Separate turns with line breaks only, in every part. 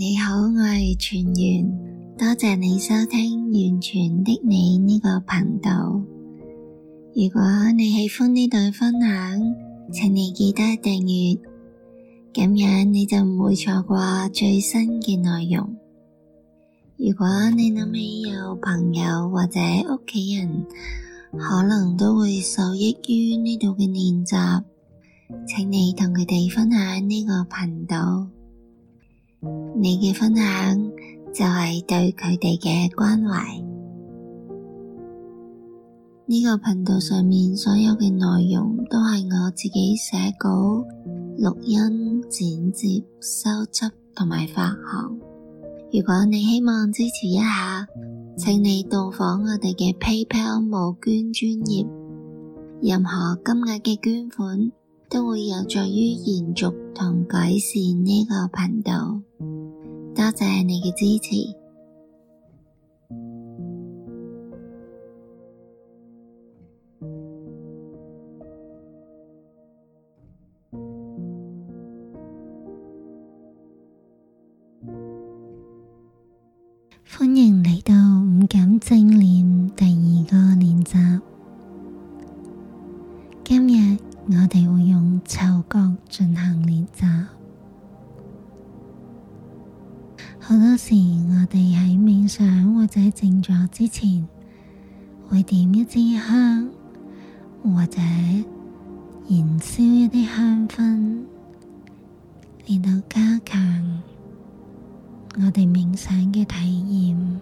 你好，我係全圓，多謝你收聽完全的你呢個頻道。如果你喜歡呢度分享，請你記得訂閱，咁樣你就唔會錯過最新嘅內容。如果你諗起有朋友或者屋企人，可能都會受益於呢度嘅練習，請你同佢哋分享呢個頻道。你嘅分享就係對佢哋嘅關懷。呢個頻道上面所有嘅內容都係我自己寫稿、錄音、剪接、收輯同埋發行。如果你希望支持一下，請你到訪我哋嘅 PayPal 募捐專頁。任何金額嘅捐款都會有助於延續同改善呢個頻道。多謝你嘅支
持。歡迎嚟到五感正念第二個練習。今日我哋會用嗅覺進行練習。好多時，我哋喺冥想或者靜坐之前，會點一支香，或者燃燒一啲香薰，嚟到加強我哋冥想嘅體驗。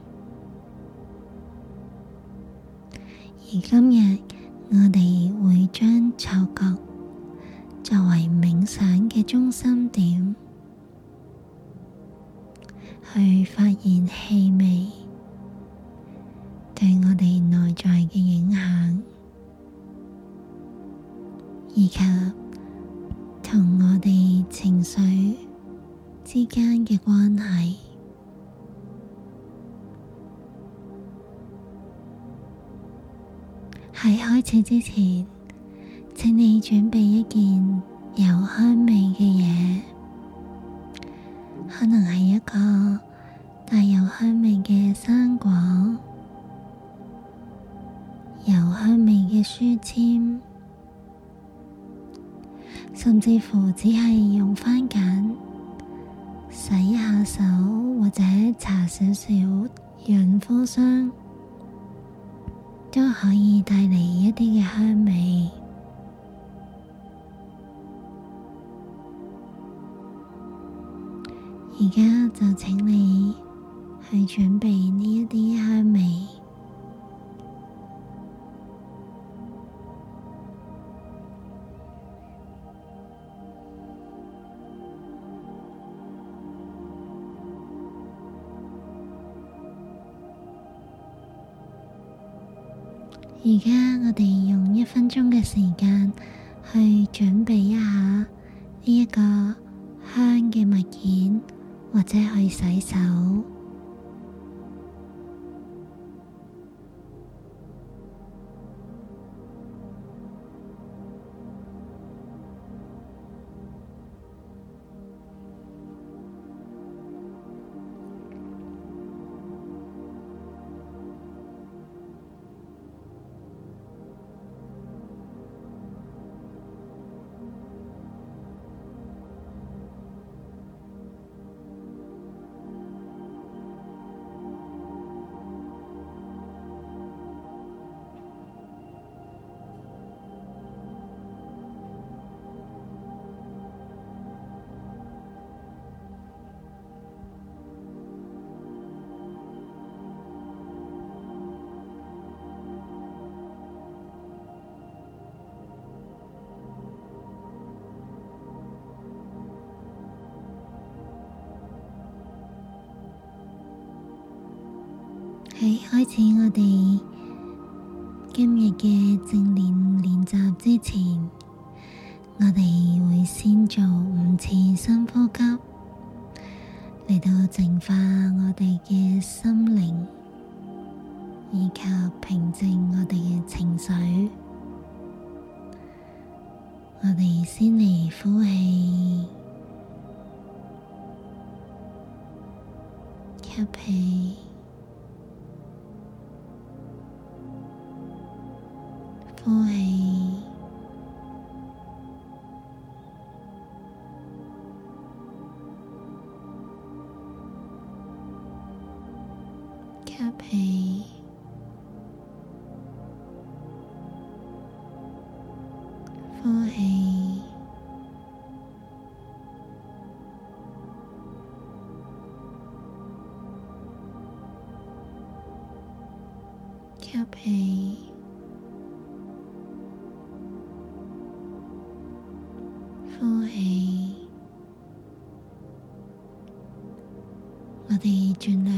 而今日我哋會將嗅覺作為冥想嘅中心點。氣味對我哋內在嘅影響，以及同我哋情緒之間嘅關係。喺開始之前，請你準備一件有香味嘅嘢，可能係一個。帶有香味嘅生果，有香味嘅書籤，甚至乎只係用番鹼洗下手，或者搽少少潤膚霜，都可以帶嚟一啲嘅香味。而家就請你。去準備呢一啲香味。而家我哋用一分鐘嘅時間去準備一下呢一個香嘅物件，或者去洗手。喺開始我哋今日嘅正念練習之前，我哋會先做五次深呼吸，嚟到淨化我哋嘅心靈，以及平靜我哋嘅情緒。我哋先嚟呼氣，吸氣。被呼氣，我哋盡量。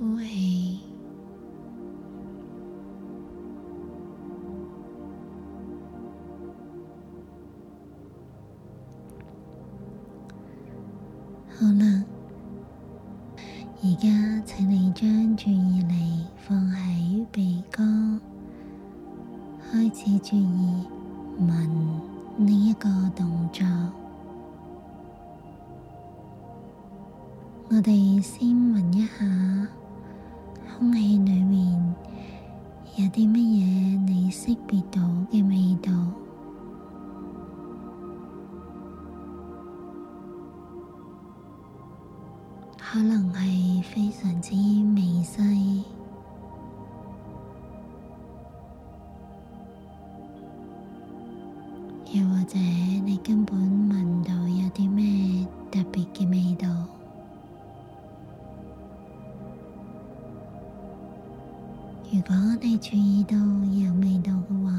呼氣好啦，而家請你將注意力放喺鼻哥，開始注意聞呢一個動作。我哋先聞一下。空氣裏面有啲乜嘢你識別到嘅味道，可能係非常之微細，又或者你根本聞。你注意到有味道嘅話，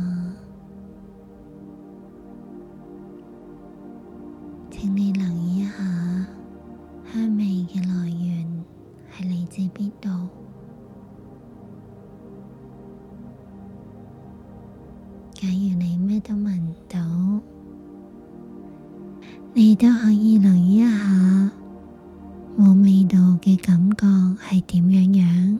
請你留意一下香味嘅來源係嚟自邊度。假如你咩都聞唔到，你都可以留意一下冇味道嘅感覺係點樣樣。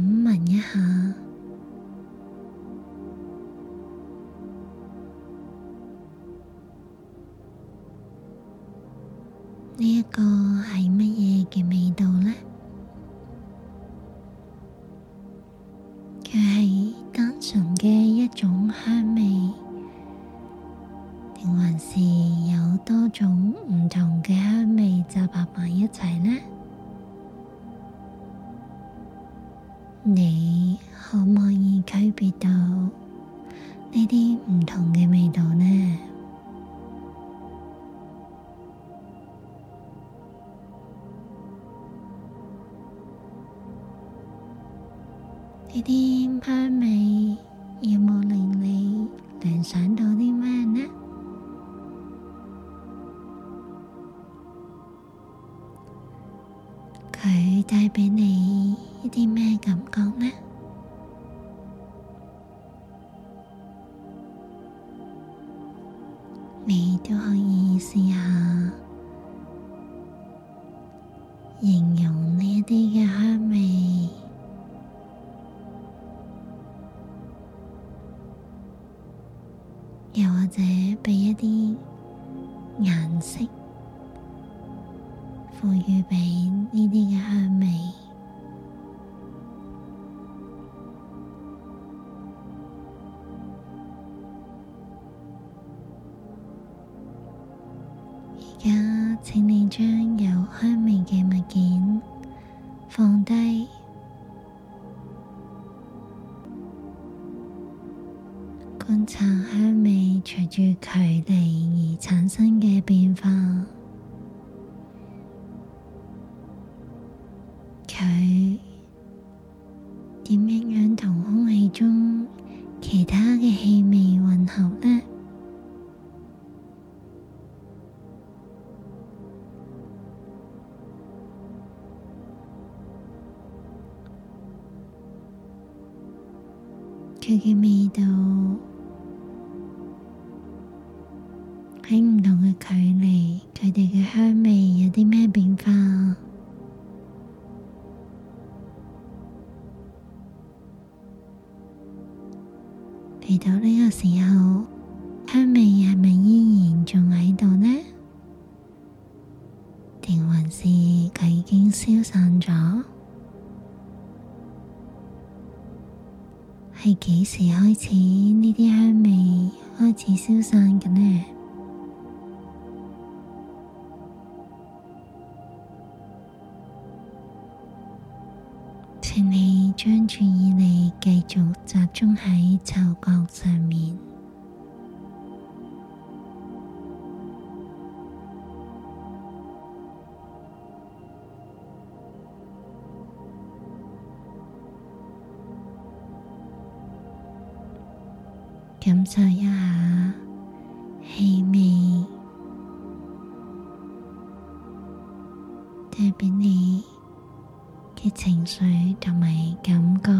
你可唔可以區別到呢啲唔同嘅味道呢？呢啲香味。佢帶畀你一啲咩感覺呢？你都可以試下形容呢啲嘅香味，又或者畀一啲顏色。我預備呢啲嘅香味。佢點樣同空氣中其他嘅氣味混合呢？佢嘅味道喺唔同嘅距離，佢哋嘅香味有啲咩變化？嚟到呢個時候，香味係咪依然仲喺度呢？定還是佢已經消散咗？係幾時開始呢啲香味開始消散嘅呢？請你。將注意力繼續集中喺嗅覺上面，感受一下氣味的變化。嘅情緒同埋感覺，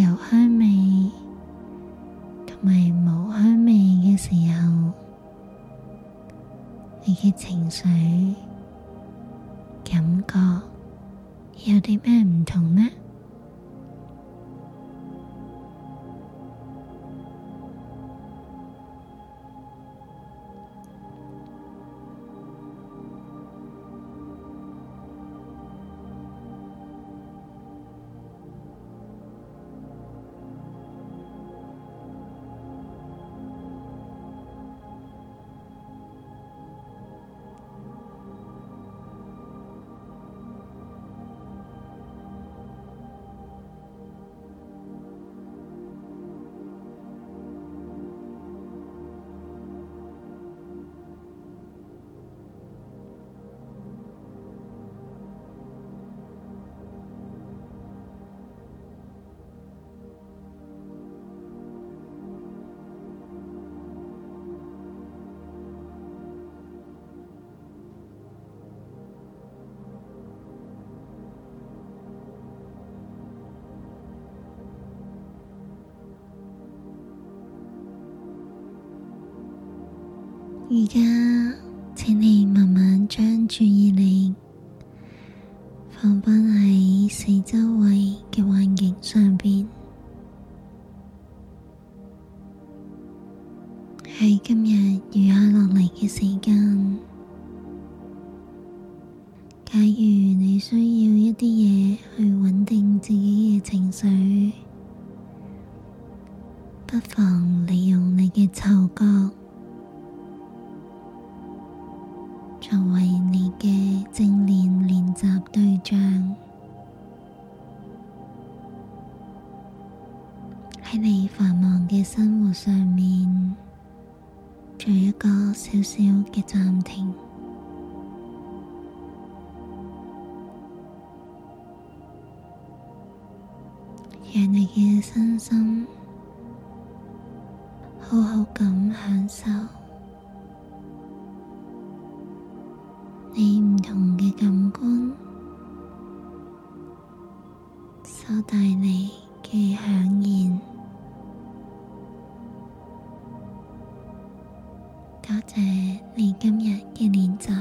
有香味同埋冇香味嘅時候，你嘅情緒。而家，請你慢慢將注意力放返喺四周圍嘅環境上邊。喺 今日餘下落嚟嘅時間，假如你需要一啲嘢去穩定自己嘅情緒，不妨利用你嘅嗅覺。讓你嘅身心好好咁享受你唔同嘅感官，收大你嘅享現。多謝你今日嘅練習。